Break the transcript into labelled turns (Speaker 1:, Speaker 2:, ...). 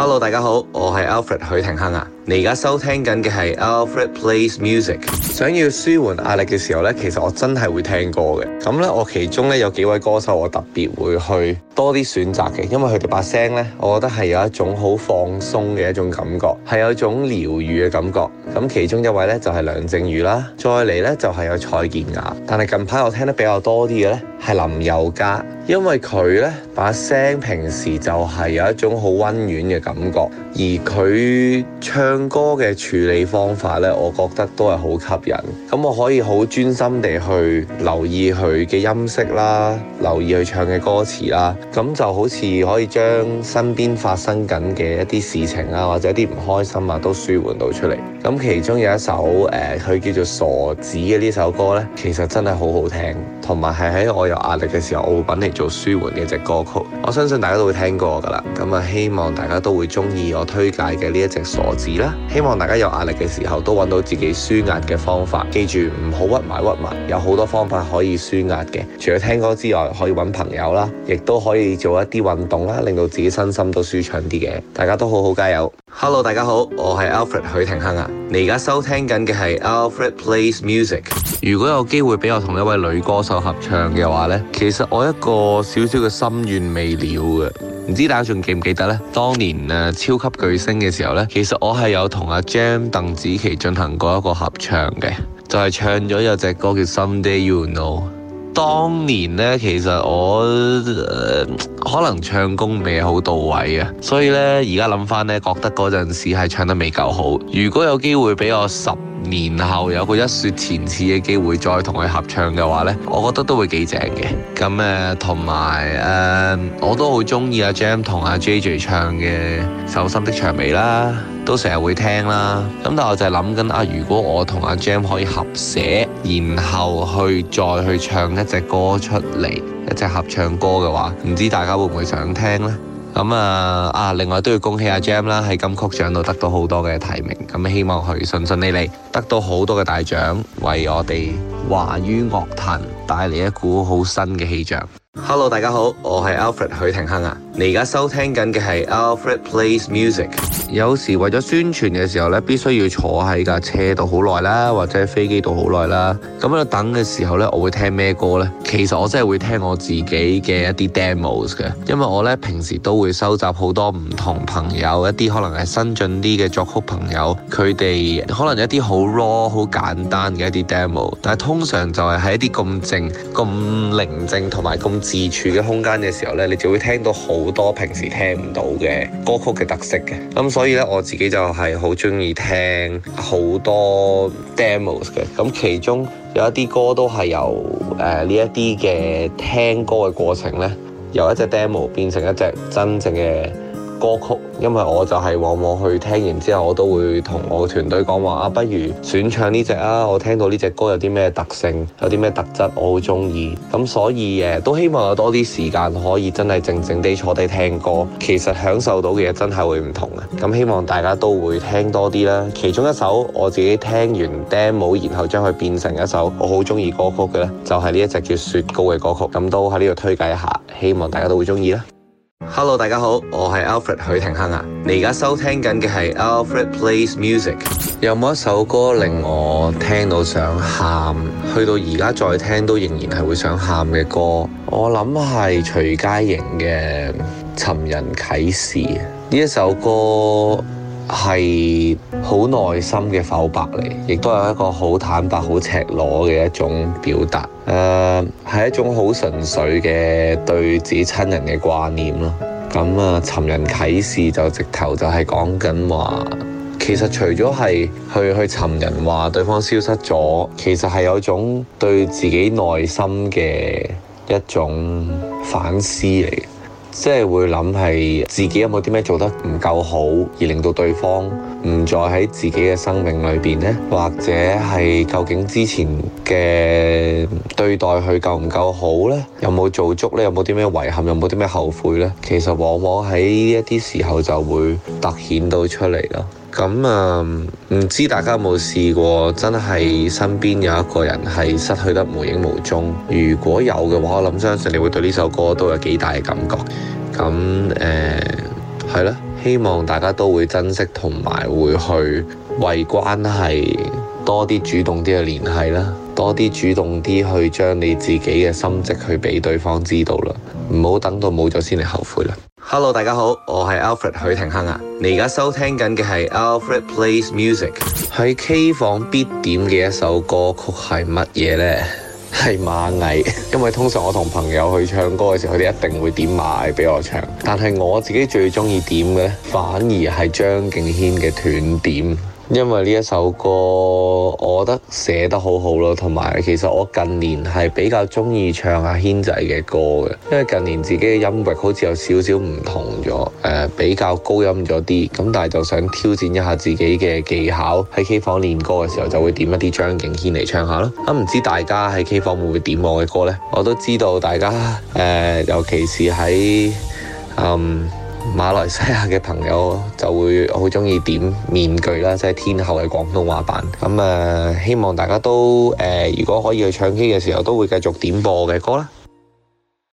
Speaker 1: Hello，大家好，我係 Alfred 許廷鏗啊。你而家收聽緊嘅係 Alfred Plays Music。想要舒緩壓力嘅時候呢，其實我真係會聽歌嘅。咁咧，我其中呢有幾位歌手，我特別會去多啲選擇嘅，因為佢哋把聲呢，我覺得係有一種好放鬆嘅一種感覺，係有一種療癒嘅感覺。咁其中一位呢，就係、是、梁靜茹啦，再嚟呢，就係、是、有蔡健雅，但係近排我聽得比較多啲嘅咧係林宥嘉。因為佢呢把聲平時就係有一種好溫軟嘅感覺，而佢唱歌嘅處理方法呢，我覺得都係好吸引。咁我可以好專心地去留意佢嘅音色啦，留意佢唱嘅歌詞啦。咁就好似可以將身邊發生緊嘅一啲事情啊，或者一啲唔開心啊，都舒緩到出嚟。咁其中有一首佢、呃、叫做《傻子》嘅呢首歌呢，其實真係好好聽，同埋係喺我有壓力嘅時候，我會揾嚟。做舒緩嘅隻歌曲，我相信大家都會聽過噶啦，咁啊希望大家都會中意我推介嘅呢一隻傻子啦。希望大家有壓力嘅時候都揾到自己舒壓嘅方法，記住唔好屈埋屈埋，有好多方法可以舒壓嘅。除咗聽歌之外，可以揾朋友啦，亦都可以做一啲運動啦，令到自己身心都舒暢啲嘅。大家都好好加油！Hello，大家好，我係 Alfred 許廷鏗啊。你而家收聽緊嘅係 Alfred Plays Music。如果有機會俾我同一位女歌手合唱嘅話呢，其實我一個小小嘅心願未了嘅，唔知大家仲記唔記得咧？當年啊，超級巨星嘅時候咧，其實我係有同阿 Jam 鄧紫棋進行過一個合唱嘅，就係唱咗有隻歌叫 Someday You Know。當年呢，其實我、呃、可能唱功未好到位啊，所以呢，而家諗返呢，覺得嗰陣時係唱得未夠好。如果有機會畀我十年後有一個一雪前恥嘅機會，再同佢合唱嘅話呢，我覺得都會幾正嘅。咁同埋誒，我都好中意阿 Gem 同阿 JJ 唱嘅《手心的薔薇》啦，都成日會聽啦。咁但係我就係諗緊啊，如果我同阿 Gem 可以合寫，然後去再去唱一隻歌出嚟，一隻合唱歌嘅話，唔知大家會唔會想聽呢？咁啊啊！另外都要恭喜阿 Jam 啦，喺金曲獎度得到好多嘅提名。咁希望佢順順利利，得到好多嘅大獎，為我哋華語樂壇帶嚟一股好新嘅氣象。Hello，大家好，我係 Alfred 許廷鏗啊！你而家收聽緊嘅係 Alfred Plays Music。有時為咗宣傳嘅時候咧，必須要坐喺架車度好耐啦，或者飛機度好耐啦。咁喺度等嘅時候咧，我會聽咩歌咧？其實我真係會聽我自己嘅一啲 demo 嘅，因為我咧平時都會收集好多唔同朋友一啲可能係新進啲嘅作曲朋友，佢哋可能一啲好 raw 好簡單嘅一啲 demo，但係通常就係喺一啲咁靜咁寧靜同埋咁自處嘅空間嘅時候咧，你就會聽到好多平時聽唔到嘅歌曲嘅特色嘅所以咧，我自己就係好中意聽好多 demo 嘅，咁其中有一啲歌都係由誒呢一啲嘅聽歌嘅過程咧，由一隻 demo 變成一隻真正嘅歌曲。因為我就係往往去聽完之後，我都會同我個團隊講話啊，不如選唱呢隻啊！我聽到呢隻歌有啲咩特性，有啲咩特質，我好中意。咁所以都希望有多啲時間可以真係靜靜地坐低聽歌，其實享受到嘅嘢真係會唔同嘅。咁希望大家都會聽多啲啦。其中一首我自己聽完 demo，然後將佢變成一首我好中意歌曲嘅咧，就係呢一隻叫雪糕嘅歌曲。咁都喺呢度推介一下，希望大家都會中意啦。Hello，大家好，我係 Alfred 許廷鏗啊！你而家收聽緊嘅係 Alfred Plays Music。有冇一首歌令我聽到想喊，去到而家再聽都仍然係會想喊嘅歌？我諗係徐佳瑩嘅《尋人啟事》呢一首歌。係好內心嘅剖白嚟，亦都係一個好坦白、好赤裸嘅一種表達。誒、呃，係一種好純粹嘅對自己親人嘅掛念咯。咁、嗯、啊，尋人啟事就直頭就係講緊話，其實除咗係去去尋人話對方消失咗，其實係有種對自己內心嘅一種反思嚟。即係會諗係自己有冇啲咩做得唔夠好，而令到對方唔再喺自己嘅生命裏面呢？或者係究竟之前嘅對待佢夠唔夠好呢？有冇做足呢？有冇啲咩遺憾？有冇啲咩後悔呢？其實往往喺一啲時候就會突顯到出嚟咯。咁啊，唔、嗯、知大家有冇試過，真係身邊有一個人係失去得無影無蹤。如果有嘅話，我諗相信你會對呢首歌都有幾大嘅感覺。咁、嗯、誒，係、嗯、啦，希望大家都會珍惜同埋會去為關係多啲主動啲去聯繫啦，多啲主動啲去將你自己嘅心跡去俾對方知道啦，唔好等到冇咗先嚟後悔啦。Hello，大家好，我係 Alfred 許廷鏗啊！你而家收聽緊嘅係 Alfred Plays Music。喺 K 房必點嘅一首歌曲係乜嘢呢？係螞蟻， 因為通常我同朋友去唱歌嘅時候，佢哋一定會點螞蟻俾我唱。但係我自己最中意點嘅咧，反而係張敬軒嘅斷點。因為呢一首歌，我覺得寫得好好咯，同埋其實我近年係比較鍾意唱阿、啊、軒仔嘅歌嘅，因為近年自己嘅音域好似有少少唔同咗、呃，比較高音咗啲，咁但係就想挑戰一下自己嘅技巧，喺 K 房練歌嘅時候就會點一啲張敬軒嚟唱下啦。咁、啊、唔知大家喺 K 房會唔會點我嘅歌呢？我都知道大家誒、呃，尤其是喺嗯。馬來西亞嘅朋友就會好中意點面具啦，即係天后嘅廣東話版。咁啊，希望大家都誒，如果可以去唱 K 嘅時候，都會繼續點播我嘅歌啦。